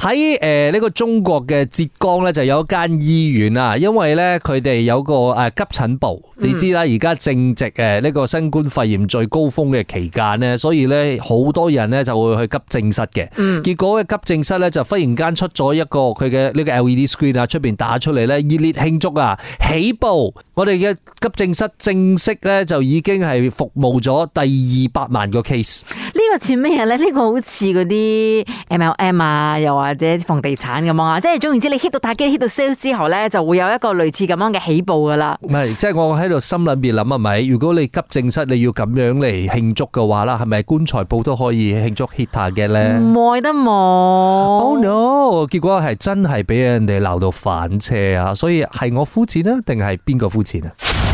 喺，誒呢個中國嘅浙江咧，就有一間醫院啊，因為咧佢哋有個誒急診部，你知啦，而家正值誒呢個新冠肺炎最高峰嘅期間咧，所以咧好多人咧就會去急症室嘅。結果咧急症室咧就忽然間出咗一個佢嘅呢個 LED screen 啊，出邊打出嚟咧，熱烈慶祝啊，起步！我哋嘅急症室正式咧就已經係服務咗第二百萬個 case。呢個似咩咧？呢個好似啲 MLM 啊，又話。或者房地產咁啊，即係總言之，你 hit 到打機 hit 到 sell 之後咧，就會有一個類似咁樣嘅起步噶啦。唔係，即係我喺度心裏邊諗啊，係咪如果你急症室你要咁樣嚟慶祝嘅話啦，係咪棺材舖都可以慶祝 hit 下嘅咧？唔會得冇。Oh no！結果係真係俾人哋鬧到反車啊，所以係我膚淺啊，定係邊個膚淺啊？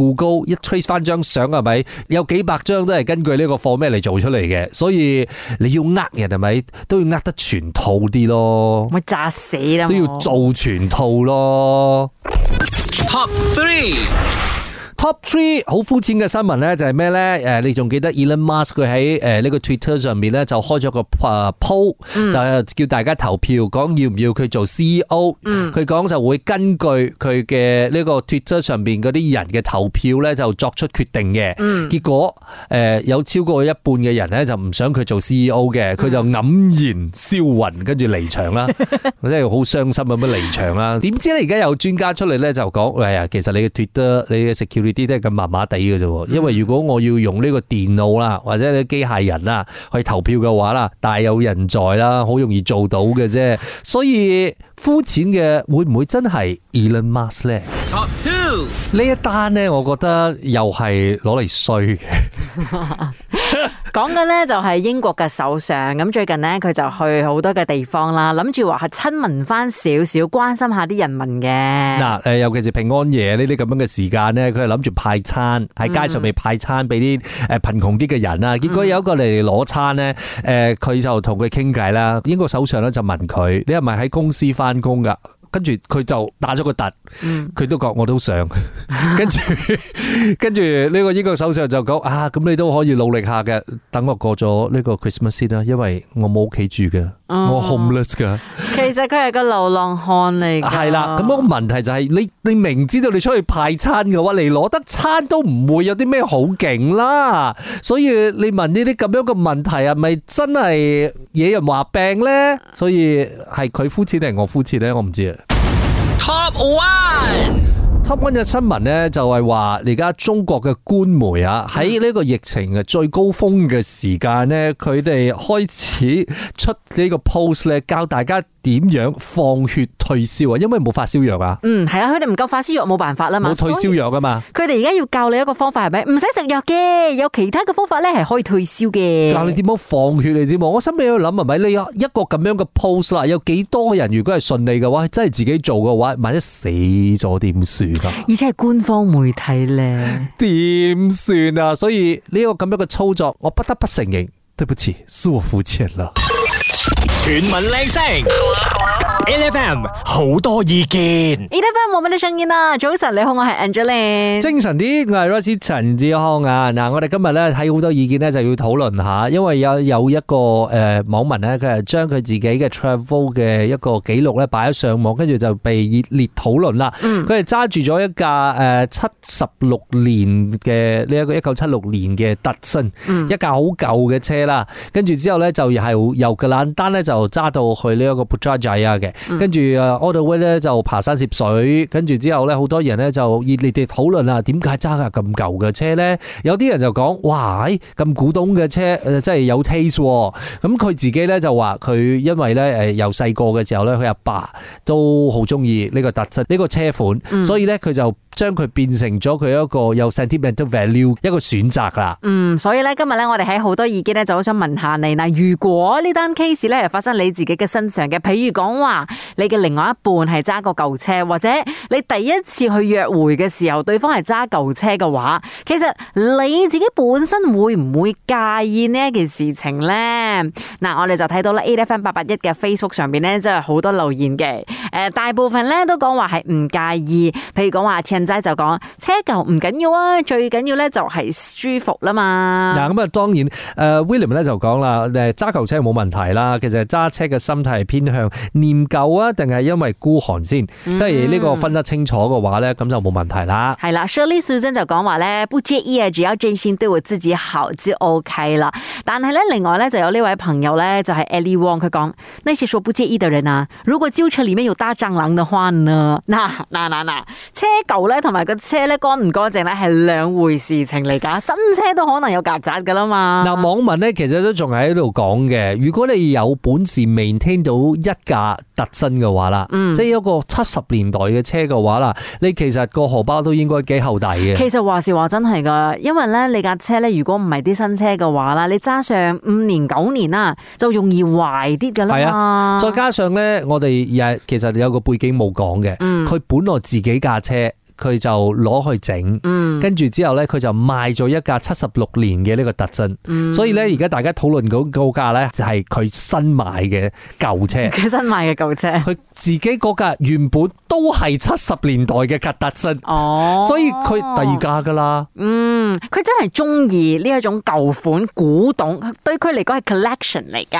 故高一 trace 翻張相係咪有幾百張都係根據呢個貨咩嚟做出嚟嘅，所以你要呃人係咪都要呃得全套啲咯，咪炸死啦都要做全套咯。Top Three Top three 好膚淺嘅新聞咧，就係咩咧？誒、呃，你仲記得 Elon Musk 佢喺誒呢個 Twitter 上面咧，就開咗個誒 poll，就係叫大家投票，講要唔要佢做 CEO，嗯。佢講就會根據佢嘅呢個 Twitter 上邊嗰啲人嘅投票咧，就作出決定嘅。嗯，結果誒、呃、有超過一半嘅人咧，就唔想佢做 CEO 嘅，佢就黯然銷魂，跟住離場啦。我、嗯、真係好傷心咁樣離場啦。點知咧，而家有專家出嚟咧，就講：喂呀，其實你嘅 Twitter，你嘅呢啲都係咁麻麻地嘅啫，因為如果我要用呢個電腦啦，或者啲機械人啦去投票嘅話啦，大有人在啦，好容易做到嘅啫，所以膚淺嘅會唔會真係 Elon Musk 咧？Top two 呢一單呢，我覺得又係攞嚟衰嘅。 講緊咧就係英國嘅首相，咁最近咧佢就去好多嘅地方啦，諗住話係親民翻少少，關心下啲人民嘅。嗱，誒，尤其是平安夜呢啲咁樣嘅時間咧，佢係諗住派餐喺街上面派餐俾啲誒貧窮啲嘅人啦。結果有一個嚟攞餐咧，誒，佢就同佢傾偈啦。英國首相咧就問佢，你係咪喺公司翻工噶？跟住佢就打咗個突，佢都覺我都想。跟住跟住呢個呢個首相就講啊，咁你都可以努力下嘅，等我過咗呢個 Christmas 啦，因為我冇屋企住嘅，嗯、我 homeless 噶。其實佢係個流浪漢嚟嘅，係啦。 咁，個問題就係，是，你你明知道你出去派餐嘅話，你攞得餐都唔會有啲咩好勁啦。所以你問呢啲咁樣嘅問題，係咪真係惹人話病咧？所以係佢膚淺定係我膚淺咧？我唔知啊。Top one，Top one 嘅新聞呢就係話，而家中國嘅官媒啊，喺呢個疫情嘅最高峰嘅時間呢，佢哋開始出呢個 post 咧，教大家。點樣放血退燒啊？因為冇發燒藥啊？嗯，係啊，佢哋唔夠發燒藥，冇辦法啦嘛。冇退燒藥㗎嘛。佢哋而家要教你一個方法，係咪？唔使食藥嘅，有其他嘅方法咧，係可以退燒嘅。教你點樣放血你知冇？我心裏去諗，係咪呢一個咁樣嘅 post 啦？有幾多嘅人如果係順利嘅話，真係自己做嘅話，萬一死咗點算啊？而且係官方媒體咧，點算 啊？所以呢、這個咁樣嘅操作，我不得不承認，對不起，是我膚淺啦。全民靚聲。L.F.M. 好多意見，L.F.M. 網民的聲音啦、啊。早晨，你好，我係 Angeline。精神啲，我係 Rosie 陳志康啊。嗱，我哋今日咧睇好多意見咧，就要討論下，因為有有一個誒、呃、網民咧，佢係將佢自己嘅 travel 嘅一個記錄咧擺咗上網，跟住就被熱烈討論啦。佢係揸住咗一架誒七十六年嘅呢一個一九七六年嘅 Datsun，一架好舊嘅車啦。跟住之後咧就係由吉蘭丹咧就揸到去呢一個 Putrajaya 嘅。跟住啊，auto way 咧就爬山涉水，跟住之後咧，好多人咧就熱烈地討論啊，點解揸架咁舊嘅車咧？有啲人就講，哇，咁古董嘅車誒、呃，真係有 taste，咁、哦、佢自己咧就話佢因爲咧誒，由細個嘅時候咧，佢阿爸都好中意呢個特質呢、呢個車款，所以咧佢就。將佢變成咗佢一個有 sentimental value 一個選擇啦。嗯，所以咧今日咧我哋喺好多意見咧就好想問下你嗱，如果呢單 case 咧係發生你自己嘅身上嘅，譬如講話你嘅另外一半係揸個舊車，或者你第一次去約會嘅時候，對方係揸舊車嘅話，其實你自己本身會唔會介意呢一件事情呢？嗱、嗯，我哋就睇到咧 A T F N、啊、八八一嘅 Facebook 上面咧，真係好多留言嘅，誒、呃，大部分咧都講話係唔介意，譬如講話齋就講車舊唔緊要啊，最緊要咧就係舒服啦嘛。嗱，咁啊，當然，誒、呃、William 咧就講啦，誒，揸舊車冇問題啦。其實揸車嘅心態係偏向念舊啊，定係因為孤寒先？嗯、即係呢個分得清楚嘅話咧，咁就冇問題啦。係啦 Shirley Susan 就講話咧不介意啊，只要真心對我自己好就 OK 啦。但係咧，另外咧就有呢位朋友咧就係 Ellie Wong，佢講那些說不介意的人啊，如果朝車裏面有大蟑螂嘅話呢？那、嗱，嗱，嗱，車舊，同埋個車咧乾唔乾淨咧係兩回事情嚟噶，新車都可能有曱甴噶啦嘛。嗱，網民咧其實都仲喺度講嘅。如果你有本事未聽到一架特新嘅話啦，嗯、即係一個七十年代嘅車嘅話啦，你其實個荷包都應該幾厚底嘅。其實話時話真係噶，因為咧你架車咧如果唔係啲新車嘅話啦，你揸上五年九年啦，就容易壞啲噶啦。係啊，再加上咧，我哋又係其實有個背景冇講嘅，佢、嗯、本來自己架車。佢就攞去整，跟住之後咧，佢就賣咗一架七十六年嘅呢個特震，嗯、所以咧而家大家討論嗰個價咧，就係佢新買嘅舊車，佢新買嘅舊車，佢自己嗰架原本都係七十年代嘅吉特震哦，所以佢第二價噶啦。嗯，佢真係中意呢一種舊款古董，對佢嚟講係 collection 嚟噶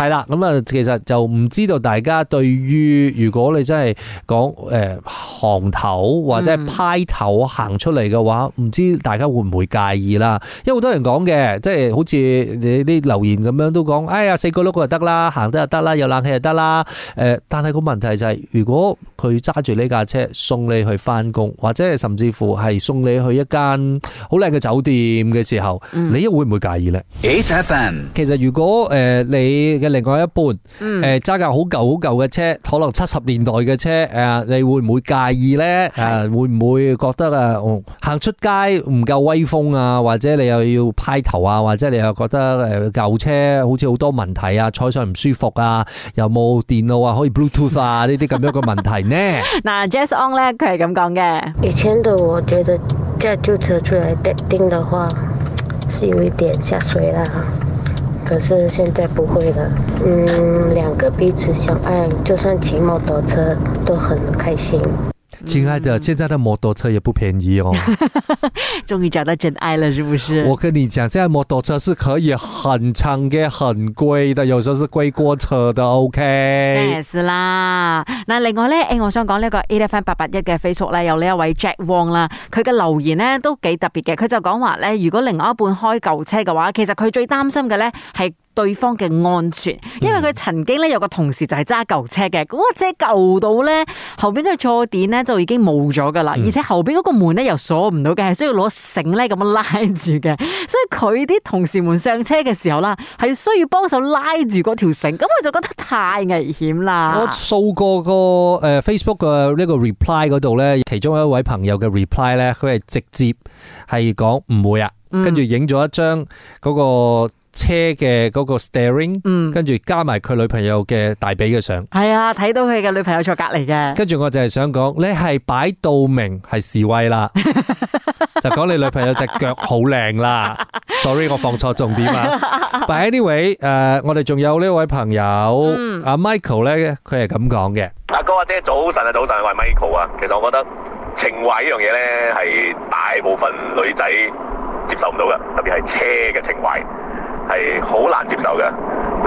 係啦，咁啊、嗯，其實就唔知道大家對於如果你真係講誒、呃、行頭或者、嗯。派頭行出嚟嘅話，唔知大家會唔會介意啦？因為好多人講嘅，即係好似你啲留言咁樣都講，哎呀四個碌就得啦，行得就得啦，有冷氣就得啦。誒，但係個問題就係，如果佢揸住呢架車送你去翻工，或者甚至乎係送你去一間好靚嘅酒店嘅時候，你會唔會介意咧？HFM，其實如果誒你嘅另外一半誒揸架好舊好舊嘅車，可能七十年代嘅車，誒，你會唔會介意咧？會。唔會覺得啊，行出街唔夠威風啊，或者你又要派頭啊，或者你又覺得誒舊車好似好多問題啊，坐上唔舒服啊，有冇電腦啊，可以 Bluetooth 啊，呢啲咁樣嘅個問題呢？嗱，Jazz On 咧，佢係咁講嘅。以前嘅我覺得駕舊車出來頂嘅話，是有一點下水啦。可是現在不會啦。嗯，兩個彼此相愛，就算騎摩托車都很開心。親愛的，現在的摩托車也不便宜哦。終於 找到真愛了，是不是？我跟你講，現在摩托車是可以很長嘅，很貴的，有時候是貴過車的。O K，係啦。嗱，另外咧，誒，我想講呢個 A F N 八八一嘅 Facebook 咧，有呢一位 Jack Wong 啦，佢嘅留言咧都幾特別嘅，佢就講話咧，如果另外一半開舊車嘅話，其實佢最擔心嘅咧係。對方嘅安全，因為佢曾經咧有個同事就係揸舊車嘅，咁、嗯、個車舊到呢，後邊嘅坐墊呢就已經冇咗噶啦，嗯、而且後邊嗰個門咧又鎖唔到嘅，係需要攞繩咧咁樣拉住嘅，所以佢啲同事們上車嘅時候啦，係需要幫手拉住嗰條繩，咁佢就覺得太危險啦。我掃過個誒 Facebook 嘅呢個 reply 嗰度呢，其中一位朋友嘅 reply 呢，佢係直接係講唔會啊，跟住影咗一張嗰、那個。車嘅嗰個 steering，跟住、嗯、加埋佢女朋友嘅大髀嘅相，係啊，睇到佢嘅女朋友坐隔籬嘅。跟住我就係想講，你係擺到明係示威啦， 就講你女朋友隻腳好靚啦。 Sorry，我放錯重點啊。擺喺呢位，誒、anyway, 呃，我哋仲有呢位朋友，阿、嗯、Michael 咧，佢係咁講嘅。阿哥阿姐，早晨啊，早晨，我係 Michael 啊。其實我覺得情懷呢樣嘢咧，係大部分女仔接受唔到噶，特別係車嘅情懷。係好難接受嘅，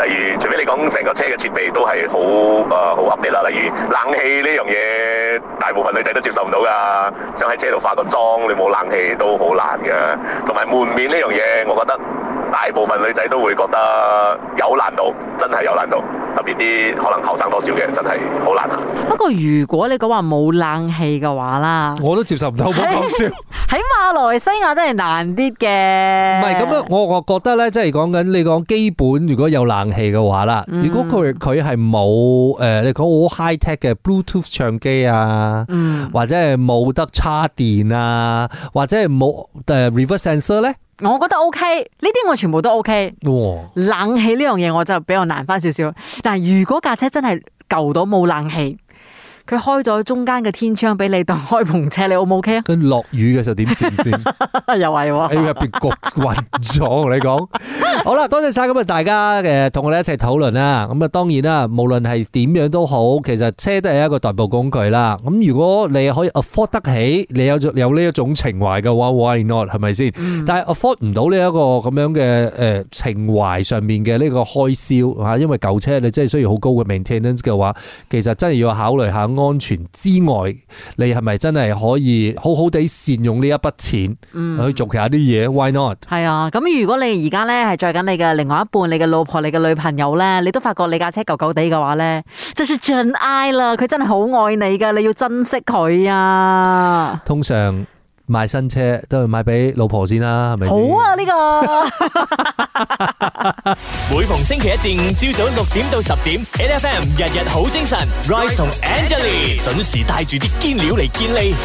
例如，除非你講成個車嘅設備都係好誒好 update 啦，例如冷氣呢樣嘢，大部分女仔都接受唔到噶，想喺車度化個妝，你冇冷氣都好難嘅，同埋門面呢樣嘢，我覺得大部分女仔都會覺得有難度，真係有難度。特別啲可能後生多少嘅，真係好難。不過如果你講話冇冷氣嘅話啦，我都接受唔到。好搞笑！喺馬來西亞真係難啲嘅。唔係咁啊，我我覺得咧，即係講緊你講基本，如果有冷氣嘅話啦，嗯、如果佢佢係冇誒，你講好 high tech 嘅 Bluetooth 唱機啊，嗯，或者係冇得插電啊，或者係冇誒 reverse sensor 咧？我覺得 OK，呢啲我全部都 OK。哇。冷氣呢樣嘢我就比較難翻少少。但係如果架車真係舊到冇冷氣。佢開咗中間嘅天窗俾你當開篷車，你 O 唔 OK 啊？跟住落雨嘅時候點算先？又係喎，喺入邊焗暈咗，我同你講。好啦，多謝晒咁啊！大家誒同我哋一齊討論啦。咁啊，當然啦，無論係點樣都好，其實車都係一個代步工具啦。咁如果你可以 afford 得起，你有有呢一種情懷嘅話，why not？係咪先？但係 afford 唔到呢一個咁樣嘅誒情懷上面嘅呢個開銷吓，因為舊車你真係需要好高嘅 maintenance 嘅話，其實真係要考慮下。安全之外，你係咪真係可以好好地善用呢一筆錢嗯，去做其他啲嘢？Why not？係啊，咁如果你而家呢係載緊你嘅另外一半，你嘅老婆、你嘅女朋友呢，你都發覺你架車舊舊地嘅話呢，就是真愛啦！佢真係好愛你噶，你要珍惜佢啊！通常。買新車都係買俾老婆先啦，係咪？好啊，呢個。每逢星期一至五早早，朝早六點到十點，N F M 日日好精神，Rise 同 Angelie 準時帶住啲堅料嚟見你。